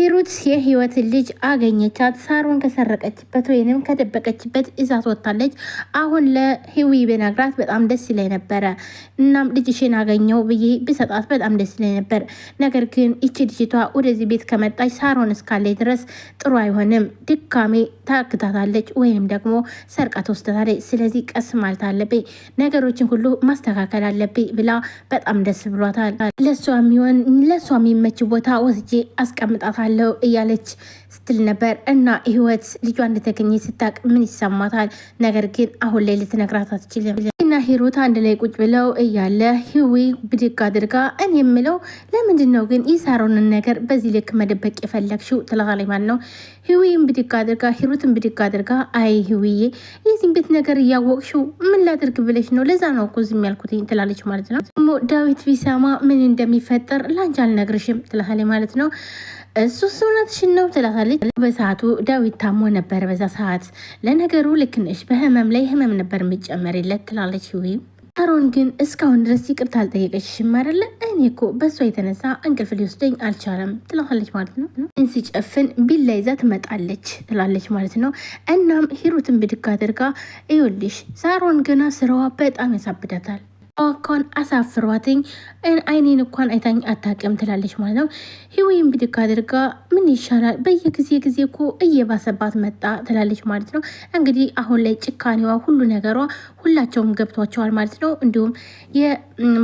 ሂሩት የህይወትን ልጅ አገኘቻት። ሳሮን ከሰረቀችበት ወይንም ከደበቀችበት እዛት ወጥታለች። አሁን ለህዊ ብነግራት በጣም ደስ ይለኝ ነበረ። እናም ልጅሽን አገኘው ብዬ ብሰጣት በጣም ደስ ይለኝ ነበር። ነገር ግን ይቺ ልጅቷ ወደዚህ ቤት ከመጣች ሳሮን እስካለች ድረስ ጥሩ አይሆንም። ድካሜ ታግታታለች ወይንም ደግሞ ሰርቃ ተወስደታለች። ስለዚህ ቀስ ማለት አለብኝ፣ ነገሮችን ሁሉ ማስተካከል አለብኝ ብላ በጣም ደስ ብሏታል። ለሷ የሚሆን ለሷ የሚመች ቦታ ወስጄ አስቀምጣታል አሳልፋለሁ እያለች ስትል ነበር እና ህይወት ልጇ እንደተገኘ ስታቅ ምን ይሰማታል? ነገር ግን አሁን ላይ ልትነግራት አትችልም። እና ሂሩት አንድ ላይ ቁጭ ብለው እያለ ህዊ ብድግ አድርጋ እኔ የምለው ለምንድን ነው ግን የሳሮንን ነገር በዚህ ልክ መደበቅ የፈለግሽው? ትላታለች ማለት ነው። ህዊን ብድግ አድርጋ ሂሩትን ብድግ አድርጋ አይ ህዊዬ የዚህን ቤት ነገር እያወቅሽው ምን ላድርግ ብለሽ ነው? ለዛ ነው እኮ ዝም ያልኩት ትላለች ማለት ነው። ዳዊት ቢሰማ ምን እንደሚፈጠር ላንቺ አልነግርሽም ትላታለች ማለት ነው። እሱ እውነትሽን ነው ትላታለች። በሰዓቱ ዳዊት ታሞ ነበር። በዛ ሰዓት ለነገሩ ልክ ነሽ፣ በህመም ላይ ህመም ነበር የምጨመርለት ትላለች። ወይም አሮን ግን እስካሁን ድረስ ይቅርታ አልጠየቀችሽም አይደለ? እኔ እኮ በእሷ የተነሳ እንቅልፍ ሊወስደኝ አልቻለም ትላለች ማለት ነው። እንስጨፍን ቢላ ይዛ ትመጣለች ትላለች ማለት ነው። እናም ሂሩትን ብድግ አድርጋ ይኸውልሽ፣ ሳሮን ገና ስራዋ በጣም ያሳብዳታል እኳን አሳፍሯትኝ አይኔን እኳን አይታኝ አታቅም ትላለች ማለት ነው። ህይወይም ብድግ አድርጋ ምን ይሻላል በየጊዜ ጊዜ እኮ እየባሰባት መጣ ትላለች ማለት ነው። እንግዲህ አሁን ላይ ጭካኔዋ ሁሉ ነገሯ ሁላቸውም ገብቷቸዋል ማለት ነው። እንዲሁም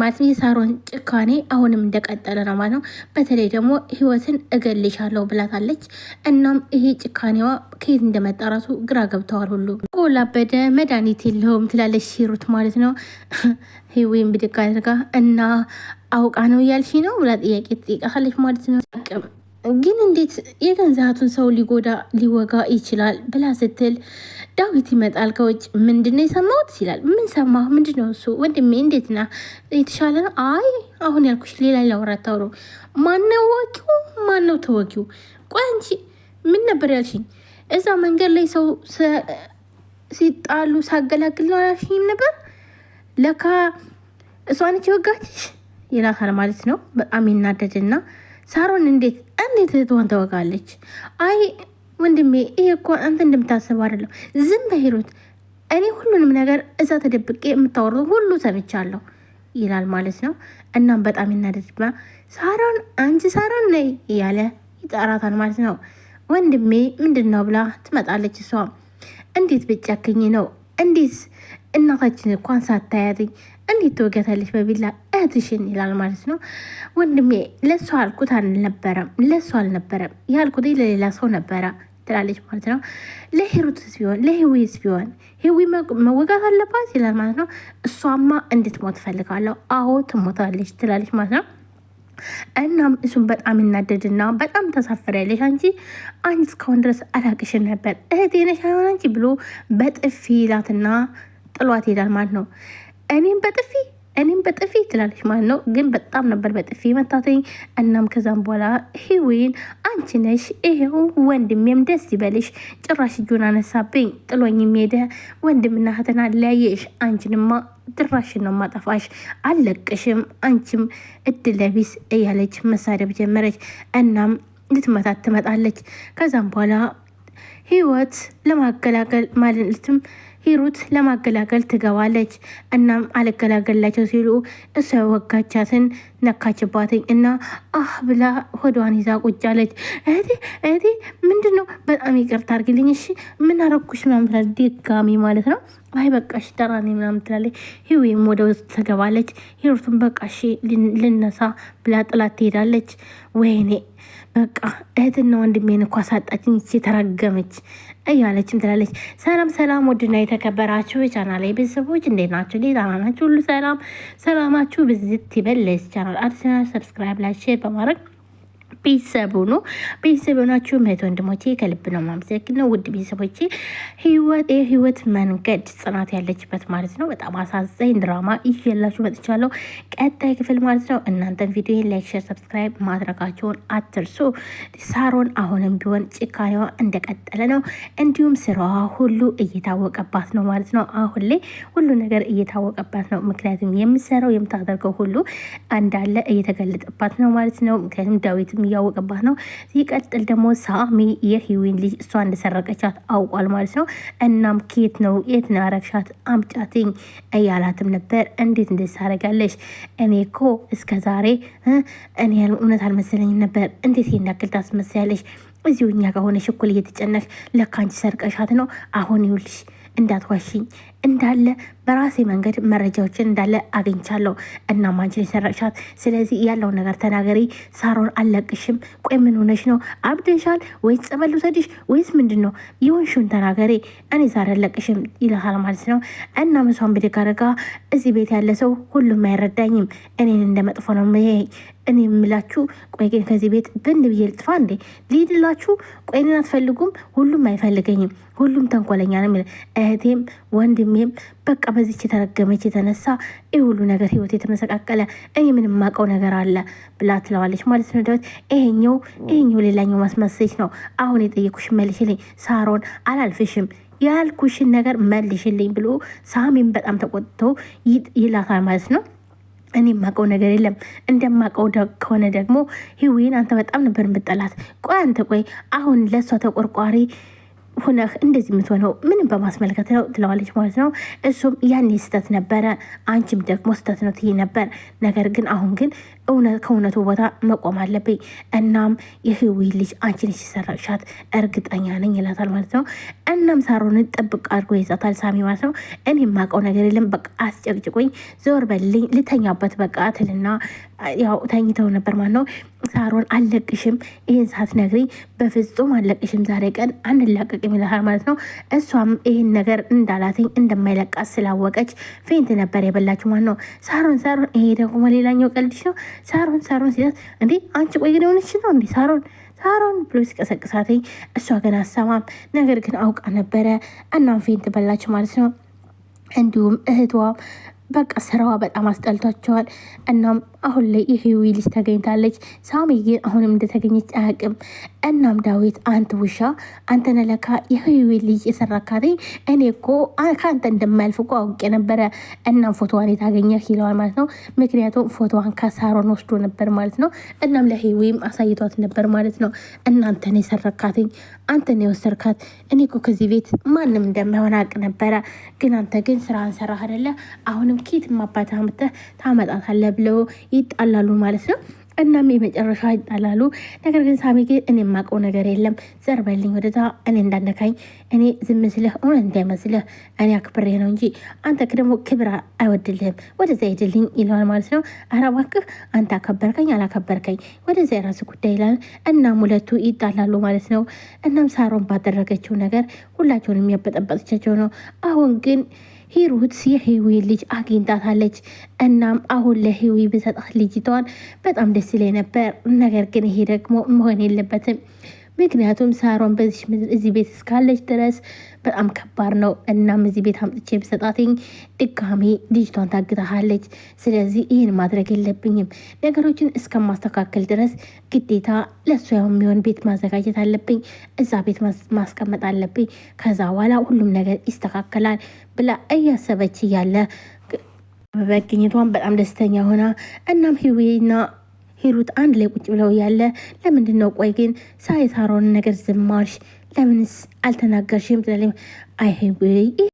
ማለት የሳሮን ጭካኔ አሁንም እንደቀጠለ ነው ማለት ነው። በተለይ ደግሞ ህይወትን እገልሻለሁ ብላታለች። እናም ይሄ ጭካኔዋ ከየት እንደመጣ ራሱ ግራ ገብተዋል። ሁሉ ላበደ መድኃኒት የለውም ትላለች ሲሩት ማለት ነው። ህዌም ብድግ አድርጋ እና አውቃ ነው እያልሽ ነው ብላ ጥያቄ ትጠይቃለች ማለት ነው። ግን እንዴት የገንዘቱን ሰው ሊጎዳ ሊወጋ ይችላል ብላ ስትል ዳዊት ይመጣል ከውጭ። ምንድነው የሰማሁት ይላል። ምን ሰማ? ምንድነው እሱ? ወንድሜ እንዴት ና? የተሻለ ነው? አይ አሁን ያልኩሽ ሌላ ላውራ ታውሮ። ማነው ወቂው? ማነው ተወቂው? ቆይ አንቺ ምን ነበር ያልሽኝ? እዛ መንገድ ላይ ሰው ሲጣሉ ሳገላግል ነው ያልሽኝም ነበር። ለካ እሷ ነች የወጋችሽ ይላታል ማለት ነው። በጣም ይናደድና ሳሮን እንዴት እንዴት እህትዋን ታወቃለች? አይ ወንድሜ ይህ እኮ አንተ እንደምታስበው አይደለም። ዝም በሂሩት እኔ ሁሉንም ነገር እዛ ተደብቄ የምታወሩ ሁሉ ሰምቻለሁ ይላል ማለት ነው። እናም በጣም ይናደድና ሳሮን አንቺ ሳሮን ነይ እያለ ይጠራታል ማለት ነው። ወንድሜ ምንድን ነው ብላ ትመጣለች። እሷ እንዴት ብጨክኝ ነው እንዴት እናታችን እንኳን ሳታያትኝ እንዴት ትወገታለች በቢላ እህትሽን ይላል ማለት ነው። ወንድሜ ለሱ አልኩት አልነበረም ለሱ አልነበረም ያልኩት ለሌላ ሰው ነበረ ትላለች ማለት ነው። ለሂሩትስ ቢሆን ለህዊስ ቢሆን ህዊ መወጋት አለባት ይላል ማለት ነው። እሷማ እንድትሞት ፈልጋለሁ፣ አዎ ትሞታለች ትላለች ማለት ነው። እናም እሱም በጣም ይናደድና በጣም ታሳፍሪያለሽ፣ አንቺ አንቺ እስካሁን ድረስ አላቅሽን ነበር እህቴ ነሽ አይሆን አንቺ ብሎ በጥፊ ይላትና ጥሏት ይሄዳል ማለት ነው። እኔም በጥፊ እኔም በጥፊ ትላለች ማለት ነው። ግን በጣም ነበር በጥፊ መታተኝ። እናም ከዛም በኋላ ሂዊን አንቺ ነሽ ይሄው ወንድሜም ደስ ይበልሽ። ጭራሽ እጁን አነሳብኝ ጥሎኝም ሄደ። ወንድምና እህትን አለያየሽ። አንቺንማ ድራሽን ነው ማጠፋሽ። አለቅሽም አንቺም እድለቢስ እያለች መሳደብ ጀመረች። እናም ልትመታት ትመጣለች። ከዛም በኋላ ህይወት ለማገላገል ማለትም ሂሩት ለማገላገል ትገባለች። እናም አልገላገላቸው ሲሉ እሷ የወጋቻትን ነካችባትኝ እና አህ ብላ ሆዷን ይዛ ቁጫለች። አለች። እህቴ እህቴ ምንድን ነው? በጣም ይቅርታ አርግልኝ እሺ፣ ምን አረኩሽ? ምናምን ድጋሚ ማለት ነው አይ በቃ እሺ ጠራኔ ምናምን ትላለች። ህይወይም ወደ ውስጥ ትገባለች። ሂሩትም በቃ እሺ ልነሳ ብላ ጥላት ትሄዳለች። ወይኔ በቃ እህትና ወንድሜን እኮ አሳጣችኝ ተረገመች እያለችም ትላለች። ሰላም ሰላም፣ ውድና የተከበራችሁ ቻናል ላይ ቤተሰቦች እንዴት ናችሁ? ሌላ ናችሁ? ሁሉ ሰላም ሰላማችሁ ብዝት ይበለስ። ቻናል አዲስ ሰብስክራይብ ላይ ሼር በማድረግ ቤተሰብ ሆኖ ቤተሰብ ሆናችሁ እህት ወንድሞቼ ከልብ ነው ማመሰግነው። ውድ ቤተሰቦቼ የህይወት መንገድ ጽናት ያለችበት ማለት ነው። በጣም አሳዛኝ ድራማ ይዤላችሁ መጥቻለሁ። ቀጣይ ክፍል ማለት ነው። እናንተን ቪዲዮ ላይክ፣ ሸር፣ ሰብስክራይብ ማድረጋቸውን አትርሱ። ሳሮን አሁንም ቢሆን ጭካኔዋ እንደቀጠለ ነው። እንዲሁም ስራዋ ሁሉ እየታወቀባት ነው ማለት ነው። አሁን ላይ ሁሉ ነገር እየታወቀባት ነው። ምክንያቱም የምሰራው የምታደርገው ሁሉ እንዳለ እየተገለጠባት ነው ማለት ነው። ምክንያቱም ዳዊትም እያወቀባት ነው። ሲቀጥል ደግሞ ሳሚ የህዊን ልጅ እሷ እንደሰረቀቻት አውቋል ማለት ነው። እናም ኬት ነው የት ነው ያረግሻት አምጫትኝ እያላትም ነበር። እንዴት እንደሳረጋለሽ እኔ ኮ እስከ ዛሬ እኔ እውነት አልመሰለኝም ነበር። እንዴት ይናክል ታስመስያለሽ? እዚሁ እኛ ከሆነ ሽኩል እኩል እየተጨነቅሽ ለካ አንቺ ሰርቀሻት ነው። አሁን ይውልሽ እንዳትዋሽኝ እንዳለ በራሴ መንገድ መረጃዎችን እንዳለ አግኝቻለሁ። እና ማንችን የሰረቅሻት፣ ስለዚህ ያለው ነገር ተናገሪ። ሳሮን አለቅሽም። ቆይ ምን ሆነሽ ነው? አብደሻል ወይስ ጸበል ውሰድሽ ወይስ ምንድን ነው? የሆንሽውን ተናገሪ። እኔ ዛሬ አለቅሽም ይልሃል ማለት ነው። እና ምሷን ብድግ አድርጋ እዚህ ቤት ያለ ሰው ሁሉም አይረዳኝም፣ እኔን እንደ መጥፎ ነው እኔ የምላችሁ ቆይ ግን ከዚህ ቤት ብን ብዬ ልጥፋ እንዴ ልሂድላችሁ? ቆይንን አትፈልጉም። ሁሉም አይፈልገኝም፣ ሁሉም ተንኮለኛ ነው። እህቴም ወንድም ይሄም በቃ በዚች የተረገመች የተነሳ ይህ ሁሉ ነገር ህይወት የተመሰቃቀለ እኔ ምን ማቀው ነገር አለ ብላ ትለዋለች ማለት ነው። ዳዊት ይሄኛው ይሄኛው ሌላኛው ማስመሰች ነው። አሁን የጠየኩሽ መልሽልኝ፣ ሳሮን አላልፍሽም ያልኩሽን ነገር መልሽልኝ ብሎ ሳሚን በጣም ተቆጥቶ ይላታል ማለት ነው። እኔ የማውቀው ነገር የለም። እንደማውቀው ከሆነ ደግሞ ህዊን አንተ በጣም ነበር የምጠላት። ቆይ አንተ ቆይ አሁን ለእሷ ተቆርቋሪ ሁነህ እንደዚህ የምትሆነው ምንም በማስመልከት ነው ትለዋለች ማለት ነው። እሱም ያኔ ስህተት ነበረ፣ አንቺም ደግሞ ስህተት ነው ትይ ነበር። ነገር ግን አሁን ግን እውነት ከእውነቱ ቦታ መቆም አለብኝ። እናም የህዊ ልጅ አንቺ ሲሰራሻት እርግጠኛ ነኝ ይላታል ማለት ነው። እናም ሳሮን ጠብቅ አድርጎ ይዛታል ሳሚ ማለት ነው። እኔ የማውቀው ነገር የለም በቃ አስጨቅጭቁኝ፣ ዞር በልኝ፣ ልተኛበት በቃ ትልና ያው ተኝተው ነበር ማለት ነው። ሳሮን አለቅሽም፣ ይህን ሰዓት ነግሪ፣ በፍጹም አለቅሽም፣ ዛሬ ቀን አንላቀቅም ይላታል ማለት ነው። እሷም ይህን ነገር እንዳላትኝ እንደማይለቃት ስላወቀች ፌንት ነበር የበላችሁ ማለት ነው። ሳሮን ሳሮን፣ ይሄ ደግሞ ሌላኛው ቀልድሽ ነው ሳሮን ሳሮን ሲላት እንዴ አንቺ ቆይ ግን ነው እንዴ ሳሮን ሳሮን ብሎ ሲቀሰቅሳትኝ እሷ ግን አሰማም። ነገር ግን አውቃ ነበረ። እናም ፌንት በላች ማለት ነው። እንዲሁም እህቷ በቃ ስራዋ በጣም አስጠልቷቸዋል። እናም አሁን ላይ የህዊ ልጅ ተገኝታለች። ሳሚ ግን አሁንም እንደተገኘች አያውቅም። እናም ዳዊት አንት ውሻ፣ አንተ ለካ የህዊ ልጅ የሰራካቴ እኔ እኮ ከአንተ እንደማያልፍ እኮ አውቄ ነበረ። እናም ፎቶዋን የታገኘ ይለዋል ማለት ነው። ምክንያቱም ፎቶዋን ከሳሮን ወስዶ ነበር ማለት ነው። እናም ለህዊም አሳይቷት ነበር ማለት ነው። ነው የሰረካትኝ፣ ነው የወሰርካት። እኔ እኮ ከዚህ ቤት ማንም እንደማይሆን አውቅ ነበረ። ግን አንተ ግን ስራ ሰራህ አደለ አሁንም ምክንያቱም ኬትም አባት አምጥተህ ታመጣታለህ ብለው ይጣላሉ ማለት ነው። እናም የመጨረሻ ይጣላሉ። ነገር ግን ሳሚ ግን እኔ የማውቀው ነገር የለም ዘር በልኝ ወደዛ እኔ እንዳነካኝ እኔ ዝም ስልህ እውነት እንዳይመስልህ እኔ አክብሬ ነው እንጂ አንተ ደግሞ ክብር አይወድልህም ወደዛ ሄድልኝ ይለዋል ማለት ነው። ኧረ እባክህ አንተ አከበርከኝ አላከበርከኝ ወደዛ የራስ ጉዳይ ይላል። እናም ሁለቱ ይጣላሉ ማለት ነው። እናም ሳሮን ባደረገችው ነገር ሁላቸውን የሚያበጠበጥቻቸው ነው አሁን ግን ሂሩት የህዊ ልጅ አግኝታታለች። እናም አሁን ለህዊ ብሰጣት ልጅቷን በጣም ደስ ይለኝ ነበር፣ ነገር ግን ይሄ ደግሞ መሆን የለበትም ምክንያቱም ሳሮን በዚህ ምድር እዚህ ቤት እስካለች ድረስ በጣም ከባድ ነው። እናም እዚህ ቤት አምጥቼ ብሰጣትኝ ድጋሚ ልጅቷን ታግታሃለች። ስለዚህ ይህን ማድረግ የለብኝም። ነገሮችን እስከማስተካከል ድረስ ግዴታ ለእሷ የሚሆን ቤት ማዘጋጀት አለብኝ። እዛ ቤት ማስቀመጥ አለብኝ። ከዛ በኋላ ሁሉም ነገር ይስተካከላል ብላ እያሰበች እያለ በመገኘቷን በጣም ደስተኛ ሆና እናም ህዌና ሂሩት አንድ ላይ ቁጭ ብለው ያለ ለምንድን ነው ቆይ ግን ሳይሳሮን ነገር ዝማልሽ ለምንስ አልተናገርሽም? ወይ